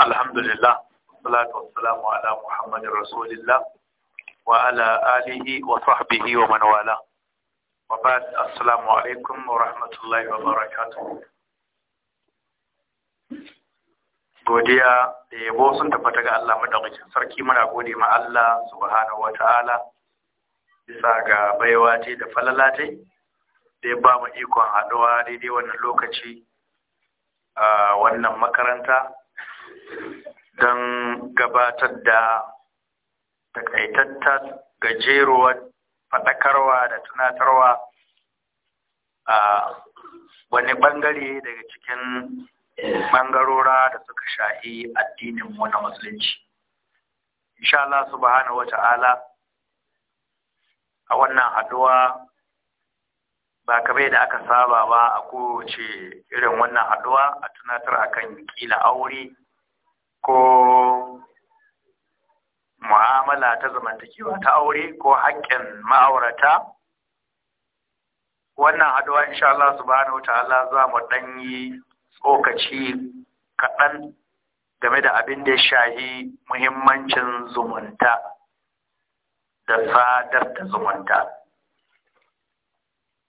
alhamdulillah salatu wassalamu ala muhammadin rasulillah wa ala alihi wa sahbihi wa man wala wa ba'd assalamu alaikum wa rahmatullahi wa barakatuh godiya da yabo sun tabbata ga Allah madaukakin sarki muna gode ma Allah subhanahu ta'ala bisa ga baiwa ce da falala ce da ya ba mu ikon haɗuwa daidai wannan lokaci a wannan makaranta don gabatar da takaitattar gajeruwar faɗakarwa da tunatarwa a wani ɓangare daga cikin ɓangarora da suka shahi addininmu na musulunci. Insha Allah subhanahu wa ta'ala a wannan haɗuwa ba kamar da aka saba ba a kowace irin wannan haɗuwa a tunatar akan kila aure ko mu'amala ta zamantakewa ta aure ko haƙƙin ma'aurata wannan haɗuwa insha Allah subhanahu wa ta'ala za mu ɗan yi tsokaci kaɗan game da abin da ya shahi muhimmancin zumunta da sadar da zumunta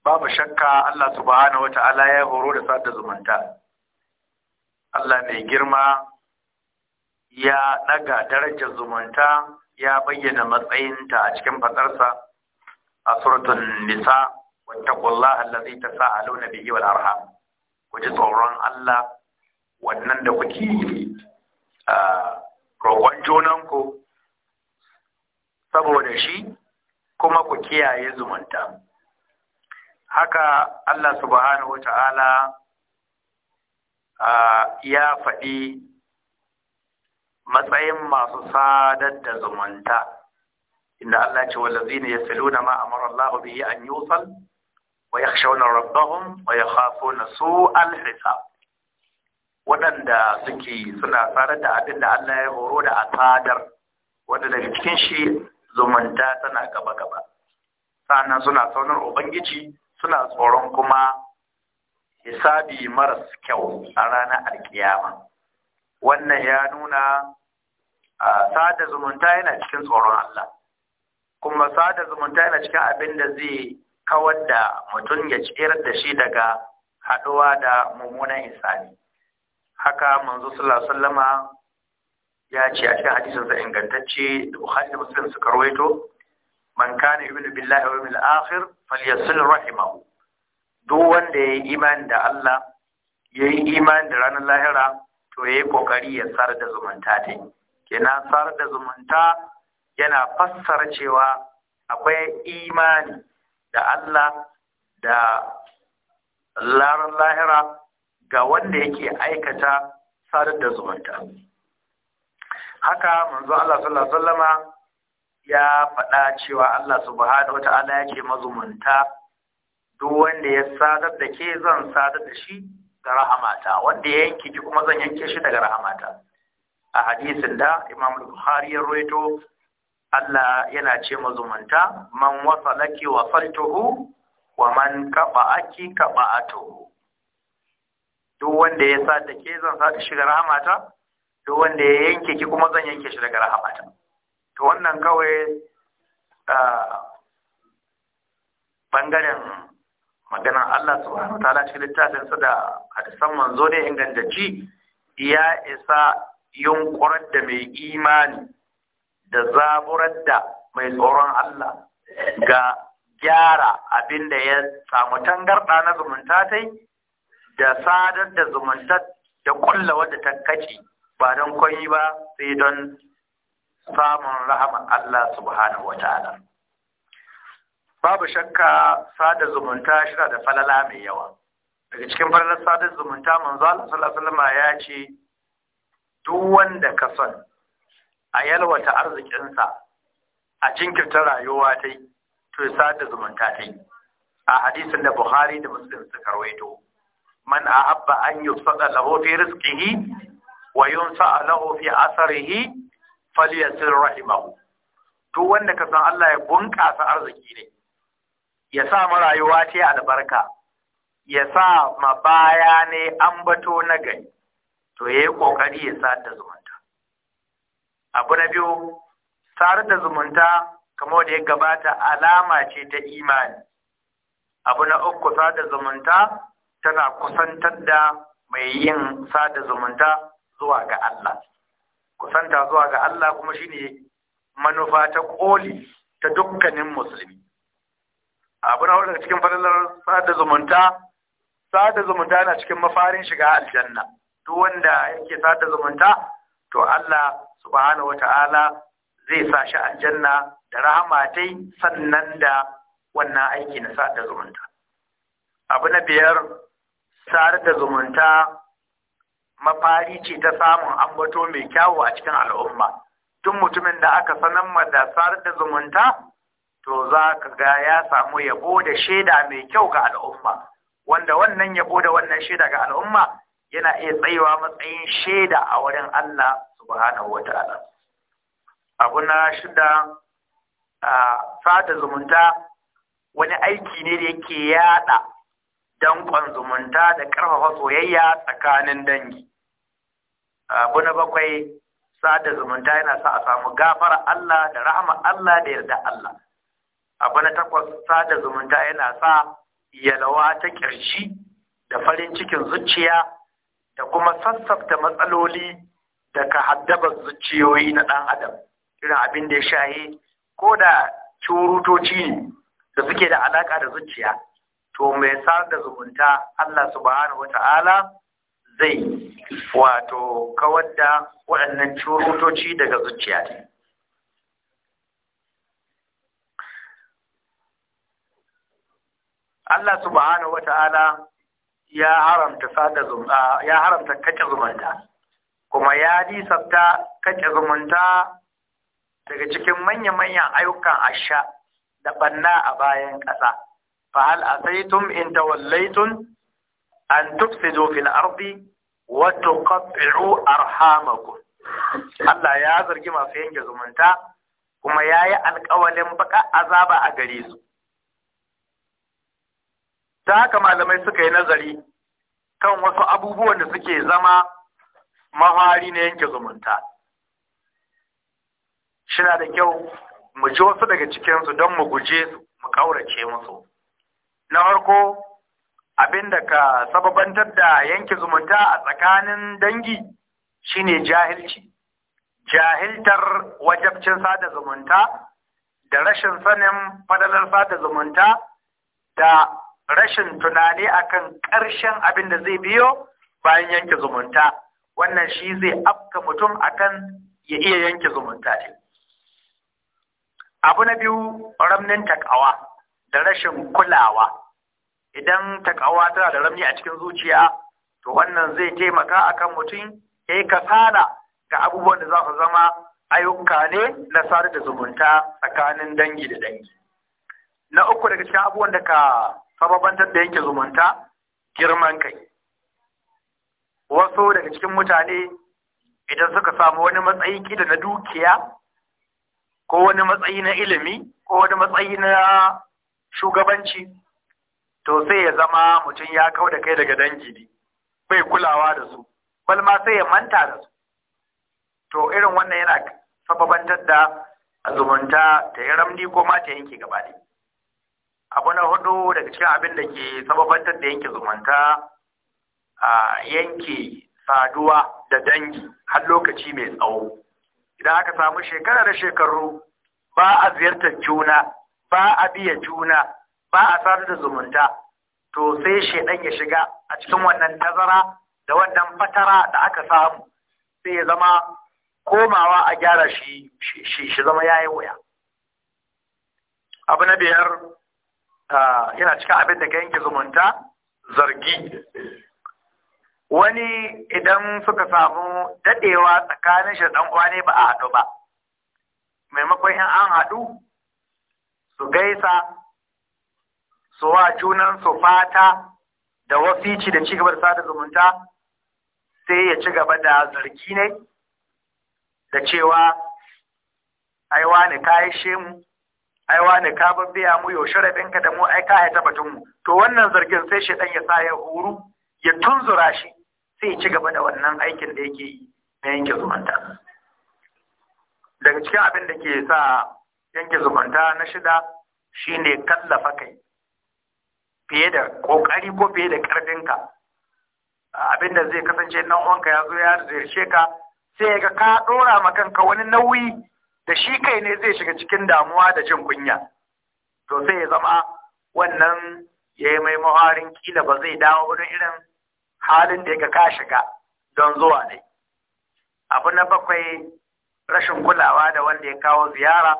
babu shakka Allah subhanahu wa ta'ala ya horo da sadar da zumunta Allah mai girma ya ɗaga darajar zumunta ya bayyana matsayinta a cikin fadarsa a suratun nisa wattaqullaha allazi tasaaluna bihi wal arham ku ji tsoron Allah wannan da kuke roƙon junanku saboda shi kuma ku kiyaye zumunta haka Allah subhanahu ta'ala ya faɗi matsayin masu sadar da zumunta inda Allah ce wallazina yasluna ma amara Allah bihi an yusal wa ya yakhshawna rabbahum wa ya na su hisab waɗanda suke suna sadar da abin da Allah ya horo da a sadar wanda daga cikin shi zumunta tana gaba gaba sannan suna tsaunar ubangiji suna tsoron kuma hisabi maras kyau a ranar alkiyama wannan ya nuna sada zumunta yana cikin tsoron Allah kuma sada zumunta yana cikin abin da zai kawar da mutum ya ciyar da shi daga haɗuwa da mummunan insani haka manzo sallallahu sallama ya ce a cikin hadisin sa ingantacce da Bukhari da Muslim suka rawaito man kana yu'minu billahi wal yawmil akhir falyasil rahimahu duk wanda yayi imani da Allah yayi imani da ranar lahira to yayi kokari ya sar da zumunta ta yi. yana sar da zumunta yana fassara cewa akwai imani da Allah da laran lahira ga wanda yake aikata sadar da zumunta haka manzo Allah sallallahu alaihi ya faɗa cewa Allah subhanahu wata'ala yake mazumunta duk wanda ya sadar da ke zan sadar da shi ga rahamata wanda ya yanke kuma zan yanke shi daga rahamata a hadisin da Imam Bukhari ya rawaito Allah yana ce mazumunta man wasalaki faltuhu wa man qaba'aki qaba'atuhu duk wanda ya sata ke zan sata shiga ga rahamata duk wanda ya yanke ki kuma zan yanke shi daga rahamata to wannan kawai bangaren maganar Allah subhanahu wa ta'ala cikin littafin sa da hadisan manzo ne ingantacci ya isa yunkurar da mai imani da zaburar da mai tsoron Allah ga gyara abin da ya samu tangarɗa na zumunta ta da sadar da zumunta da kulla wadda ta kace ba don kwayi ba sai don samun rahaman Allah subhanahu wa ta'ala. Babu shakka sada zumunta shida da falala mai yawa. Daga cikin falalar sadar zumunta manzo Allah sallallahu alaihi ya ce duk wanda ka son a yalwata arzikinsa a jinkirta rayuwa ta yi to ya da zumunta ta yi a hadisin da buhari da muslim suka rawaito man a habba an yi sada lahu fi rizqihi wa yunsa lahu fi asarihi falyasil rahimahu duk wanda ka san Allah ya bunƙasa arziki ne ya sa mu rayuwa ta albarka ya sa ma baya ne ambato na gani. to ya yi ƙoƙari ya sa da zumunta abu na biyu sar da zumunta kamar da ya gabata alama ce ta imani abu na uku sada zumunta tana kusantar da mai yin sada zumunta zuwa ga Allah kusanta zuwa ga Allah kuma shine manufa ta koli ta dukkanin musulmi abu na daga cikin falalar sada zumunta sada zumunta na cikin mafarin shiga aljanna duk wanda yake sada zumunta to Allah subhanahu wata'ala zai sa shi aljanna da rahama tai sannan da wannan aiki na sada zumunta abu na biyar sada zumunta mafari ce ta samun ambato mai kyawu a cikin al'umma tun mutumin da aka sanar da sada zumunta to za ka ga ya samu yabo da shaida mai kyau ga al'umma wanda wannan yabo da wannan shaida ga al'umma yana iya tsayawa matsayin shaida a wurin Allah subhanahu wata'ala abu na shida a fata zumunta wani aiki ne da yake yada danƙon zumunta da karfafa soyayya tsakanin dangi abu na bakwai sada zumunta yana sa a samu gafara Allah da rahama Allah da yarda Allah abu na takwas sada zumunta yana sa yalawa ta kirshi da farin cikin zuciya da kuma sassafta matsaloli da ka haddaba zuciyoyi na ɗan adam irin abin da ya shaye ko da curutoci ne da suke da alaƙa da zuciya to mai sar da zumunta Allah subhanahu wa ta'ala zai wato kawar da waɗannan curutoci daga zuciya ne Allah subhanahu wa ta'ala ya haramta sada zumunta ya haramta kace zumunta kuma ya nisabta kace zumunta daga cikin manya-manyan ayyukan asha da banna a bayan ƙasa fa hal asaitum in tawallaytum an tufsidu fil ardi wa tuqatti'u arhamakum Allah ya zargi masu yanke zumunta kuma yayi alƙawalin baka azaba a gare su ta haka malamai suka yi nazari kan wasu abubuwan da suke zama mahari na yanke zumunta shina da kyau mu ji wasu daga cikinsu don mu guje su mu ƙaurace musu na farko abin da ka sababantar da yanke zumunta a tsakanin dangi shine jahilci jahiltar wajabcin sada zumunta da rashin sanin fadalar sada zumunta da rashin tunani akan ƙarshen abin da zai biyo bayan yanke zumunta wannan shi zai afka mutum akan ya iya yanke zumunta ne abu na biyu ramnin takawa da rashin kulawa idan takawa tana da ramni a cikin zuciya to wannan zai taimaka akan mutum ya yi kasala ga abubuwan da za su zama ayyuka ne na sadar da zumunta tsakanin dangi da dangi na uku daga cikin abubuwan da ka sababantar da yanke zumunta girman kai wasu daga cikin mutane idan suka samu wani matsayi kida na dukiya ko wani matsayi na ilimi ko wani matsayi na shugabanci to sai ya zama mutum ya kau da kai daga dangi ne bai kulawa da su balma sai ya manta da su to irin wannan yana sababantar da zumunta ta yi ramni ko ma ta yanke gaba abu na hudu daga cikin abin da ke sababantar da yanke zumunta a yanke saduwa da dangi har lokaci mai tsawo idan aka samu shekara da shekaru ba a ziyartar juna ba a biya juna ba a sadu da zumunta to sai shaidan ya shiga a cikin wannan tazara da wannan fatara da aka samu sai ya zama komawa a gyara shi shi zama ya yi wuya abu na biyar yana ah, cikin abin da ka yanke zumunta zargi wani idan suka samu dadewa tsakanin shi dan ne ba a haɗu ba maimakon in an haɗu su gaisa su wa junan su fata da wasici da ci gaba da sada zumunta sai ya ci gaba da zargi ne da cewa aiwa ne kayi shemu ai wani ka biya mu yaushe rabinka da mu ai ka haita batun mu to wannan zargin sai shi ya sa ya huru ya tunzura shi sai ya ci gaba da wannan aikin da yake yi na yanke zumunta daga cikin abin da ke sa yanke zumunta na shida shine kallafa kai fiye da kokari ko fiye da karfinka abin da zai kasance nan uwanka ya zo ya ziyarce ka sai ga ka dora ma kanka wani nauyi da shi kai ne zai shiga cikin damuwa da jin kunya to sai ya zama wannan ya yi mai maharin kila ba zai dawo wurin irin halin da ya ka shiga don zuwa ne abu na bakwai rashin kulawa da wanda ya kawo ziyara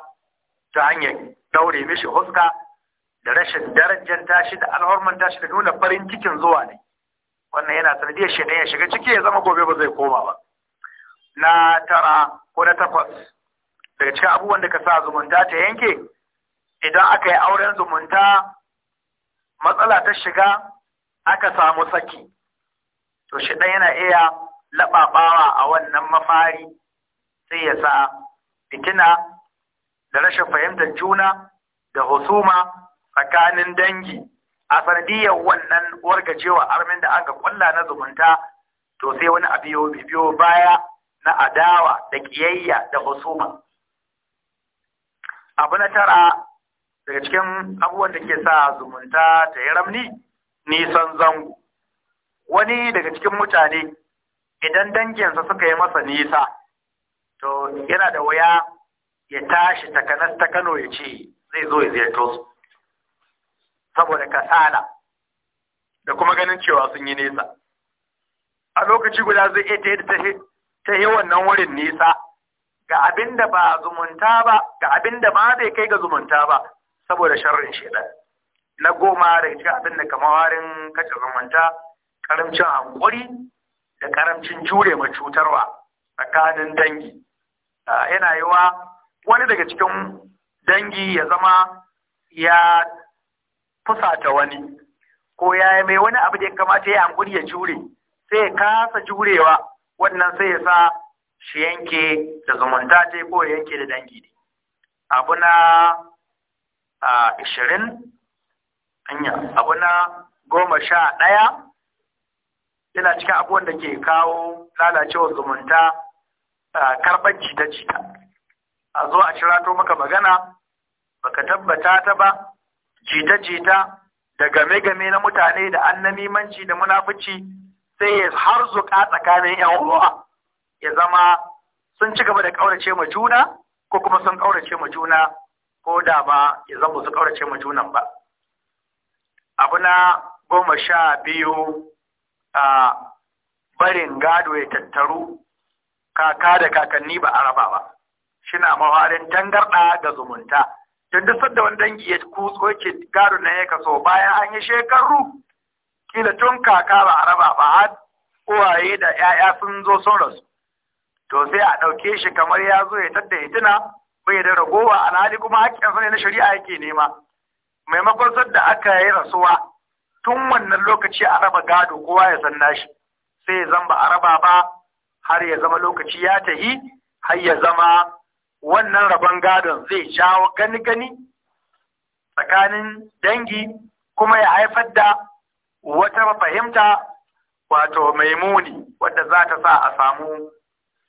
ta hanyar daure mishi huska da rashin darajar tashi da alhorman tashi da nuna farin cikin zuwa ne wannan yana sanadiyar shi ya shiga ciki ya zama gobe ba zai koma ba na tara ko na takwas daga cikin abubuwan da ka sa zumunta ta yanke idan aka yi auren zumunta matsala ta shiga aka samu saki to shi ɗan yana iya laɓaɓawa a wannan mafari sai ya sa fitina da rashin fahimtar juna da husuma tsakanin dangi a sanadiyar wannan wargajewa armin da aka kulla na zumunta to sai wani abu biyo baya na adawa da ƙiyayya da husuma abu na tara daga cikin abubuwan da ke sa zumunta ta yi ramni nisan zango wani daga cikin mutane idan danginsa suka yi masa nisa to yana da waya ya tashi takanas ta kano ya ce zai zo ya ziyarto su saboda kasala da kuma ganin cewa sun yi nesa a lokaci guda zai iya ta yi wannan wurin nisa ga abin da ba zumunta ba ga abin da ma bai kai ga zumunta ba saboda sharrin shaidan na goma da ita abin da kamawarin kacin zumunta karamcin hankuri da karamcin jure ma cutarwa tsakanin dangi yana yiwa wani daga cikin dangi ya zama ya fusata wani ko ya yi mai wani abu da ya kamata ya hankuri ya jure sai ya kasa jurewa wannan sai ya sa shi yanke da zumunta ce ko yanke da dangi ne abu na ashirin abu na goma sha ɗaya yana cikin abu da ke kawo lalacewa zumunta karɓar jita-jita a zo a shirato maka magana baka tabbata ta ba jita-jita da game-game na mutane da annamimanci da munafici sai ya har harzuka tsakanin 'yan uwa ya zama sun ci gaba da ƙaurace ma juna ko kuma sun ƙaurace ma juna ko da ba ya zama su ƙaurace ma junan ba abu na goma sha biyu a barin gado ya tattaru kaka da kakanni ba a raba ba shina mawarin tangarɗa ga zumunta tun duk sadda wani dangi ya kutso ke gado na ya kaso bayan an yi shekaru kila tun kaka ba a raba ba har uwaye da 'ya'ya sun zo sun rasu to sai a ɗauke shi kamar ya zo ya tadda hitina bai da ragowa alhali kuma haƙƙinsa ne na shari'a yake nema maimakon sadda aka yi rasuwa tun wannan lokaci a raba gado kowa ya san nashi sai ya zamba a raba ba har ya zama lokaci ya tahi har ya zama wannan rabon gadon zai jawo gani gani tsakanin dangi kuma ya haifar da wata fahimta wato maimuni wadda za ta sa a samu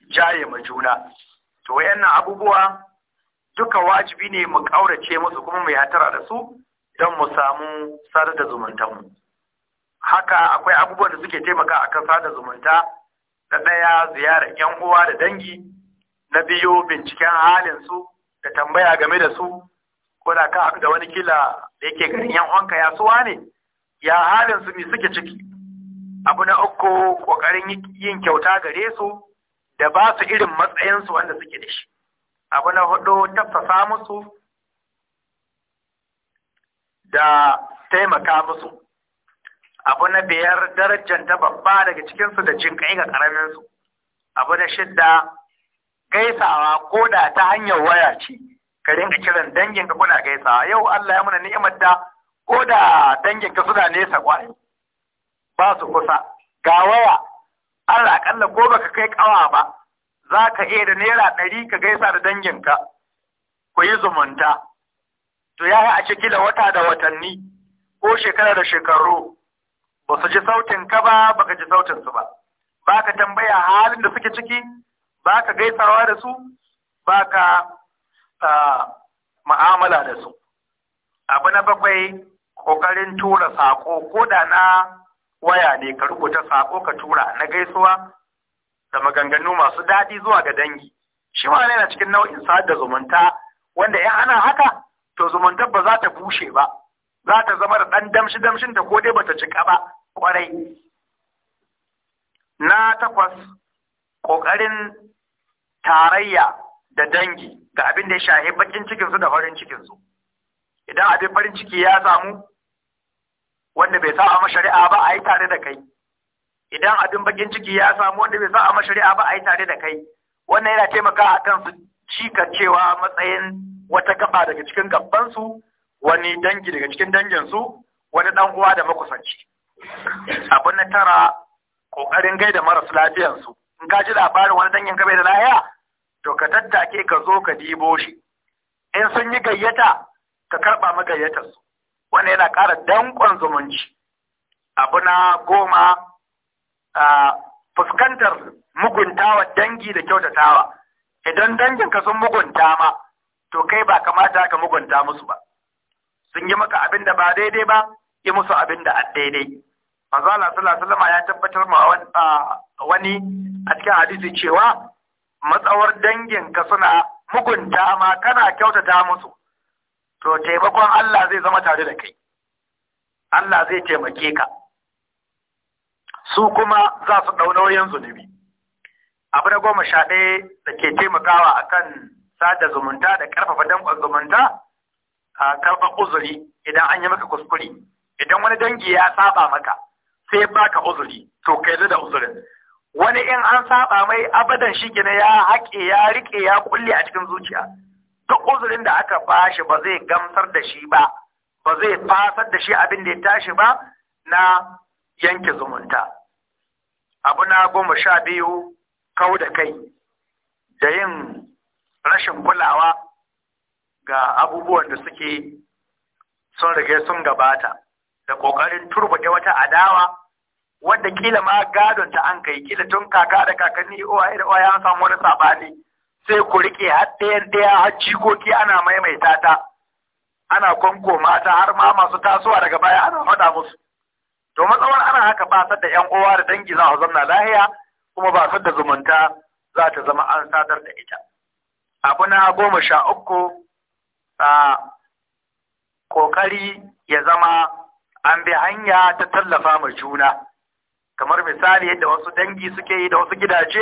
jaye ma juna to wayannan abubuwa duka wajibi ne mu ƙaurace musu kuma mu hatara da su don mu samu sadar da mu. haka akwai abubuwan da suke taimaka akan sadar zumunta na ɗaya ziyarar yan uwa da dangi na biyu binciken halin su da tambaya game da su ko da ka da wani kila da yake garin yan uwanka ya suwa ne ya halin su ne suke ciki abu na uku ƙoƙarin yin kyauta gare su da ba su irin matsayinsu wanda suke da shi abu na hudu tafasa musu da taimaka musu abu na biyar darajar ta babba daga cikinsu da jin ga karaminsu abu na shidda gaisawa ko da ta hanyar waya ce ka rinka kiran dangin ka kuna gaisawa yau Allah ya muna ni'imar da ko da dangin ka suna nesa kwai ba su kusa ga waya Allah akalla ko baka kai kawa ba za ka iya da naira ɗari ka gaisa da danginka ku yi zumunta to ya a ciki da wata da watanni ko shekara da shekaru ba su ji sautin ka ba baka ji sautin su ba ba ka tambaya halin da suke ciki ba ka gaisawa da su ba ka ma'amala da su abu na bakwai ƙoƙarin tura sako ko da na waya ne ka rubuta sako ka tura na gaisuwa da maganganu masu daɗi zuwa ga dangi shi ma yana cikin nau'in da zumunta wanda ya ana haka to zumuntar ba za ta bushe ba za ta zama da ɗan damshi damshin ta ko dai bata cika ba kwarai na takwas ƙoƙarin tarayya da dangi ga abin da ya shahi bakin cikinsu da farin cikinsu idan abin farin ciki ya samu wanda bai sa a shari'a ba a yi tare da kai idan abin bakin ciki ya samu wanda bai sa a shari'a ba a yi tare da kai wannan yana taimaka a kan su cikacewa matsayin wata kafa daga cikin gabbansu, wani dangi daga cikin danginsu wani dan uwa da makusanci abin na tara kokarin gaida maras su in ka ji labarin wani dangin ka bai da lafiya to ka tattake ka zo ka dibo shi in sun yi gayyata ka karba magayyatar su wanda yana ƙara danƙon zumunci abu na goma fuskantar muguntawa dangi da kyautatawa idan danginka sun mugunta ma to kai ba kamata ka mugunta musu ba sun yi maka abin da ba daidai ba yi musu abin da a daidai manzala sallallahu ya tabbatar ma wani a cikin hadisi cewa matsawar danginka suna mugunta ma kana kyautata musu to taimakon Allah zai zama tare da kai Allah zai taimake ka su kuma za su ɗau nauyin zunubi abu na goma sha ɗaya da ke taimakawa akan sada zumunta da ƙarfafa danƙon zumunta a karɓar uzuri idan an yi maka kuskure idan wani dangi ya saba maka sai baka uzuri to kai da uzurin wani in an saba mai abadan shi ya haƙe ya riƙe ya kulle a cikin zuciya duk uzurin da aka bashi ba zai gamsar da shi ba ba zai fasar da shi abin da ya tashi ba na yanke zumunta abu na goma sha biyu kau da kai da yin rashin kulawa ga abubuwan da suke sun rage sun gabata da ƙoƙarin turbaɗe wata adawa wadda kila ma gadon ta an kai kila tun kaka da kakanni owaye da owaye an samu wani saɓani sai ku rike har ɗaya ɗaya har jikoki ana maimaita ta ana kwanko mata har ma masu tasowa daga baya ana faɗa musu to matsawar ana haka ba da yan uwa da dangi za su zamna lahiya kuma ba da zumunta za ta zama an sadar da ita abu na goma sha uku a kokari ya zama an bi hanya ta tallafa ma juna kamar misali yadda wasu dangi suke yi da wasu gidaje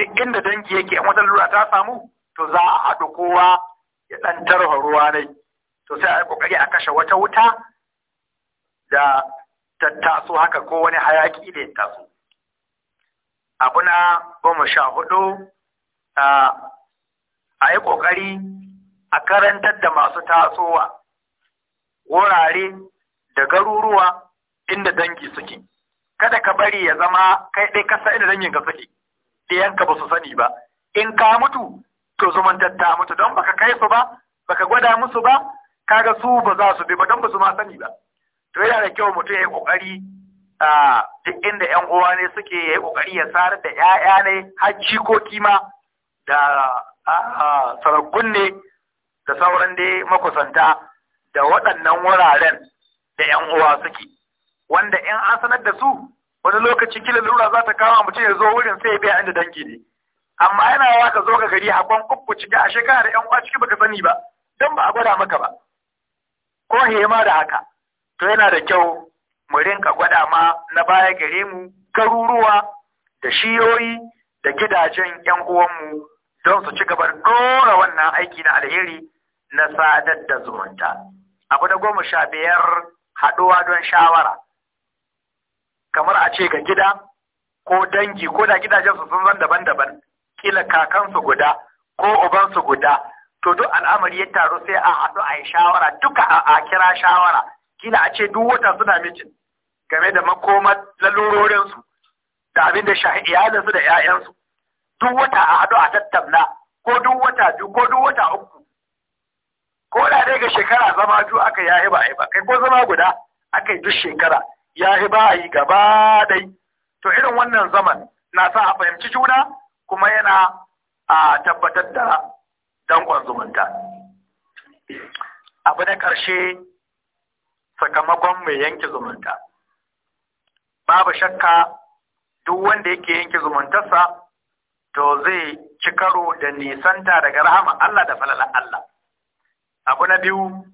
duk inda dangi yake in wata lura ta samu to za a haɗu kowa ya ɗan tarha ruwa ne to sai a yi ƙoƙari a kashe wata wuta da tattaso haka ko wani hayaƙi da ya taso abu na goma sha hudu a yi ƙoƙari a karantar da masu tasowa wurare da garuruwa inda dangi suke kada ka bari ya zama kai ɗai kasa inda dangin ka suke yanka ba su sani ba in ka mutu to zumuntar ta mutu don baka kai su ba baka gwada musu ba kaga su ba za su bi ba don ba su ma sani ba to yana da kyau mutum ya yi kokari duk inda yan uwa ne suke ya yi kokari ya sarar da ƴaƴa ne har jikoki ma da sarakun ne da sauran dai makusanta da waɗannan wuraren da yan uwa suke wanda in an sanar da su wani lokaci kila lura za ta kawo mutum ya zo wurin sai ya biya inda dangi ne amma yana yawa ka zo ka gari hakon kukku ciki a shekara da yan uwa ciki baka sani ba don ba a gwada maka ba ko hema da haka to yana da kyau mu rinka gwada ma na baya gare mu garuruwa da shiyoyi da gidajen yan uwanmu don su ci gaba dora wannan aiki na alheri na sadar da zumunta abu da goma sha biyar haɗuwa don shawara kamar a ce ga gida ko dangi ko da gidajen su sun zan daban-daban kila kakansu guda ko ubansu guda to duk al'amari ya taru sai a haɗu a yi shawara duka a kira shawara kila a ce duk wata suna mijin game da makomar lalurorinsu da abin da iyalinsu da 'ya'yansu duk wata a haɗu a tattauna ko duk wata biyu ko duk wata uku ko da dai ga shekara zama biyu aka yayi ba ba kai ko zama guda aka yi duk shekara ya yi ba a yi gaba dai to irin wannan zaman na sa a fahimci juna kuma yana a tabbatar da dankon zumunta abu na ƙarshe sakamakon mai yanke zumunta babu shakka duk wanda yake yanke zumuntarsa to zai ci karo da nisanta daga rahama Allah da falalan Allah abu na biyu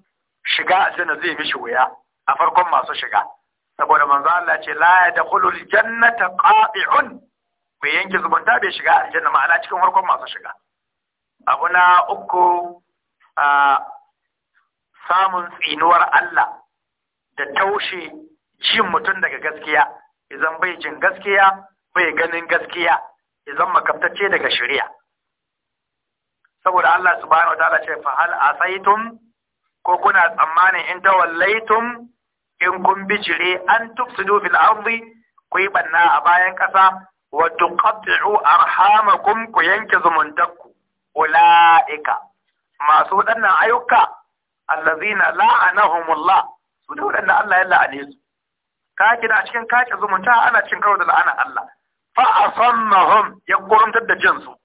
shiga a zai mishi wuya a farkon masu shiga saboda manzo Allah ce la yadkhulul jannata ƙabi'un. bai yanke zumunta bai shiga aljanna ma'ana cikin farkon masu shiga abu na uku a samun tsinuwar Allah da taushe jin mutum daga gaskiya idan bai jin gaskiya bai ganin gaskiya idan makabtacce daga shari'a saboda Allah subhanahu wa ta'ala ce fa hal asaitum ko kuna tsammanin in tawallaitum in kun bijire an tufsidu fil ardi ku yi banna a bayan ƙasa wa tuqatti'u arhamakum ku yanke zumuntakku ulaika masu waɗannan ayyuka allazina la'anahumullah su ne waɗanda Allah ya la'ane su ka kina cikin kace zumunta ana cin karo da la'ana Allah fa asammahum ya gurumtar da jinsu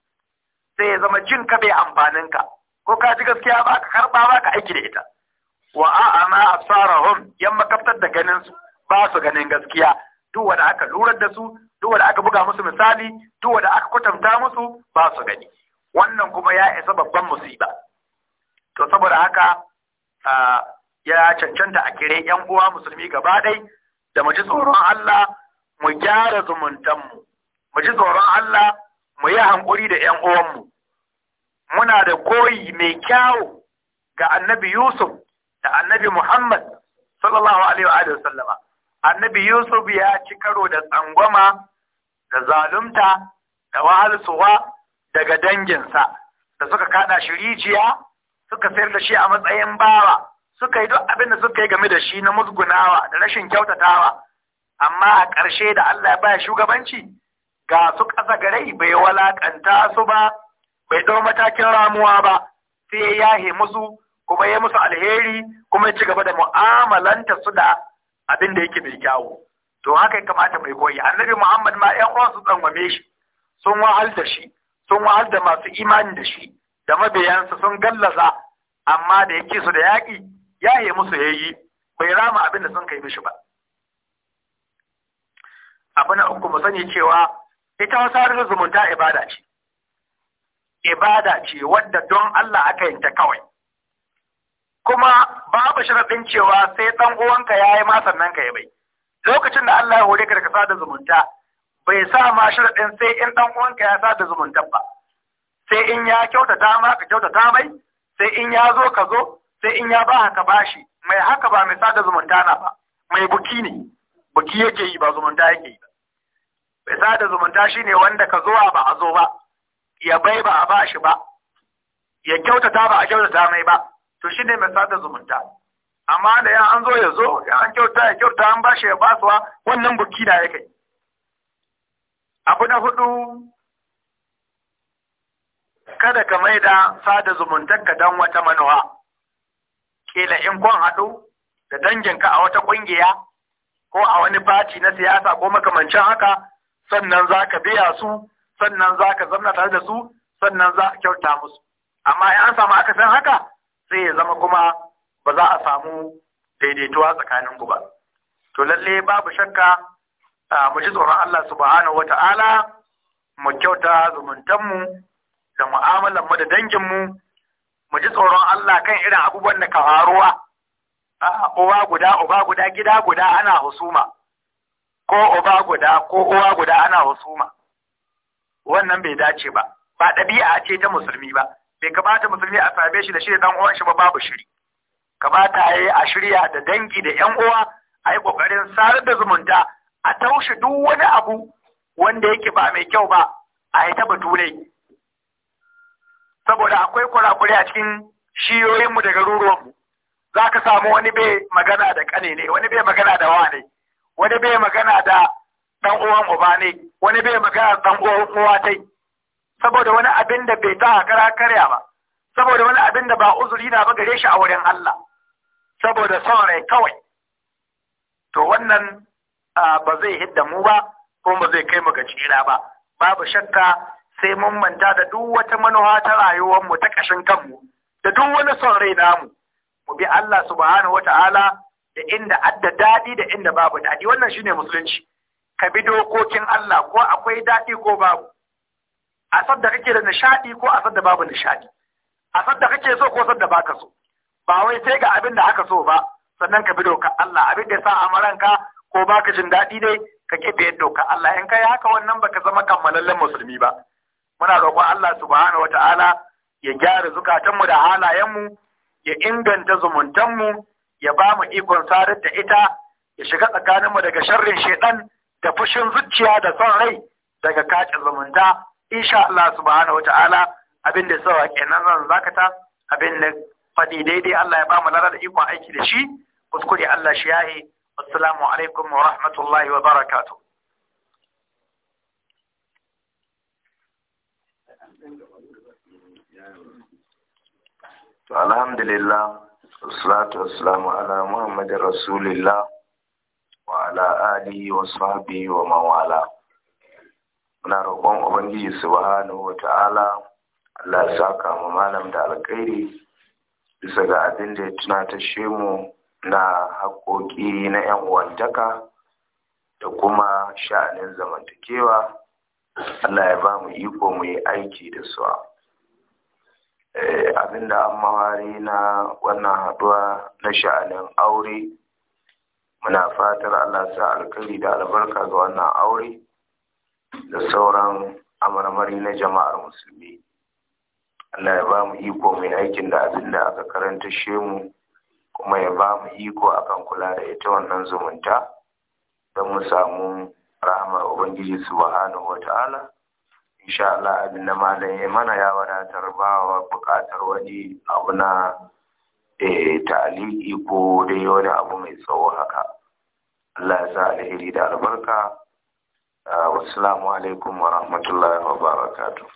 sai ya zama jin ka bai amfanin ka ko ka ji gaskiya ba ka karba ba ka aiki da ita wa a'ama absarahum yan makaftar da ganin su ba su ganin gaskiya duk wanda aka lura da su duk wanda aka buga musu misali duk wanda aka kwatanta musu ba su gani wannan kuma ya isa babban musiba to saboda haka ya cancanta a kire yan uwa musulmi gaba ɗai da mu ji tsoron Allah mu gyara zumuntanmu mu ji tsoron Allah mu yi hankuri da yan uwan mu muna da koyi mai kyau ga annabi Yusuf da annabi Muhammad sallallahu alaihi wa alihi sallama annabi Yusuf ya ci karo da tsangwama da zalunta da wahalsuwa daga danginsa da suka kada shi rijiya suka sayar da shi a matsayin bawa suka yi duk abin da suka yi game da shi na musgunawa da rashin kyautatawa amma a ƙarshe da Allah ya baya shugabanci ga su ƙasa gare bai walakanta su ba bai ɗau matakin ramuwa ba sai ya yahe musu kuma ya musu alheri kuma ya ci gaba da mu'amalanta su da abin da yake mai kyawu to haka ya kamata mai koyi annabi Muhammad ma 'yan uwansu tsangwame shi sun wahal da shi sun wahal da masu imani da shi da mabiyansa sun gallaza amma da yake su da yaƙi ya yi musu yayi bai rama abin da sun kai mishi ba abu na uku mu sani cewa ita wasu zumunta ibada ce ibada ce wadda don Allah aka ta kawai kuma babu sharadin cewa sai ɗan uwanka yi ma sannan ka yi bai lokacin da Allah ya hore ka da ka sada zumunta bai sa ma sharadin sai in ɗan uwanka ya sada zumunta ba sai in ya kyautata ma ka kyautata mai sai in ya zo ka zo sai in ya ba haka bashi mai haka ba mai sada zumunta na ba mai buki ne buki yake yi ba zumunta yake yi ba mai sada zumunta shine wanda ka zo ba a zo ba ya bai ba a bashi ba ya kyautata ba a kyautata mai ba to shi ne mai sada zumunta amma da ya an zo ya zo ya an kyauta ya kyauta an bashi ya basuwa wannan buki na ya kai abu na hudu kada ka mai da sada ka dan wata manuwa kila in kun haɗu da danginka a wata ƙungiya ko a wani fati na siyasa ko makamancin haka sannan za ka biya su sannan za ka zamna tare da su sannan za ka kyauta musu amma in an samu akasin haka sai ya zama kuma ba za a samu daidaituwa tsakanin ku ba to lalle babu shakka mu ji tsoron Allah subhanahu wata'ala mu kyauta zumuntan mu da mu'amalar mu da dangin mu mu ji tsoron Allah kan irin abubuwan da ka faruwa uwa guda uba guda gida guda ana husuma ko uba guda ko uwa guda ana husuma wannan bai dace ba ba ɗabi'a ce ta musulmi ba bai kamata musulmi a same shi da shi da dan uwan shi ba babu shiri kamata a yi a shirya da dangi da yan uwa a yi kokarin sarar da zumunta a taushe duk wani abu wanda yake ba mai kyau ba a yi ta bature saboda akwai kurakure a cikin shiyoyinmu da garuruwanmu za ka samu wani bai magana da kane ne wani bai magana da wane wani bai magana da dan uwan uba ne wani bai magana da dan uwa tai saboda wani abin da bai ta kara karya ba saboda wani abin da ba uzuri na ba gare shi a wurin Allah saboda son rai kawai to wannan ba zai hidda mu ba ko ba zai kai mu ga tsira ba babu shakka sai mun manta da duk wata manuwa ta rayuwar mu ta kashin kanmu da duk wani son rai namu mu bi Allah subhanahu wata'ala da inda adda dadi da inda babu dadi wannan shine musulunci ka bi dokokin Allah ko akwai dadi ko babu a sadda kake da nishadi ko a sadda babu nishadi a sadda kake so ko sadda baka so ba wai sai ga abin da aka so ba sannan ka bi doka Allah abin da ya sa maranka ko baka jin daɗi dai ka kibe doka Allah in kai haka wannan baka zama kammalallen musulmi ba muna roƙon Allah subhanahu wataala ya gyara zukatanmu da halayenmu ya inganta zumuntanmu ya ba mu ikon sadar da ita ya shiga tsakaninmu daga sharrin shaidan da fushin zuciya da son rai daga kacin zumunta insha Allah subhanahu wataala abin da sawa kenan zan zakata abin da fadi daidai Allah ya bamu lara da ikon aiki da shi kuskure Allah shi yahi assalamu alaikum wa rahmatullahi wa barakatuh to alhamdulillah salatu wassalamu ala muhammadin rasulillah wa ala alihi wa sahbihi wa muna roƙon ubangiji subhanahu wata'ala Allah ya saka mu malam da alkhairi bisa ga abin da ya tunatashe mu na haƙoƙi na 'yan uwantaka da kuma sha'anin zamantakewa Allah ya ba mu iko mu yi aiki da su eh, abin da an mawari na wannan haɗuwa na sha'anin aure muna fatar Allah sa alkhairi da albarka ga wannan aure da sauran amarmari na jama'ar musulmi Allah ya ba mu iko mai aikin da abin da aka karanta mu kuma ya ba mu iko akan kula da ita wannan zumunta don mu samu rahamar ubangiji subhanahu wata'ala insha Allah abin da malam ya mana ya wadatar bawa bukatar wani abu na eh, ta'aliki ko dai wani abu mai tsawo haka Allah ya sa alheri da albarka Uh, wasu alaikum wa rahmatullahi wa barakatu.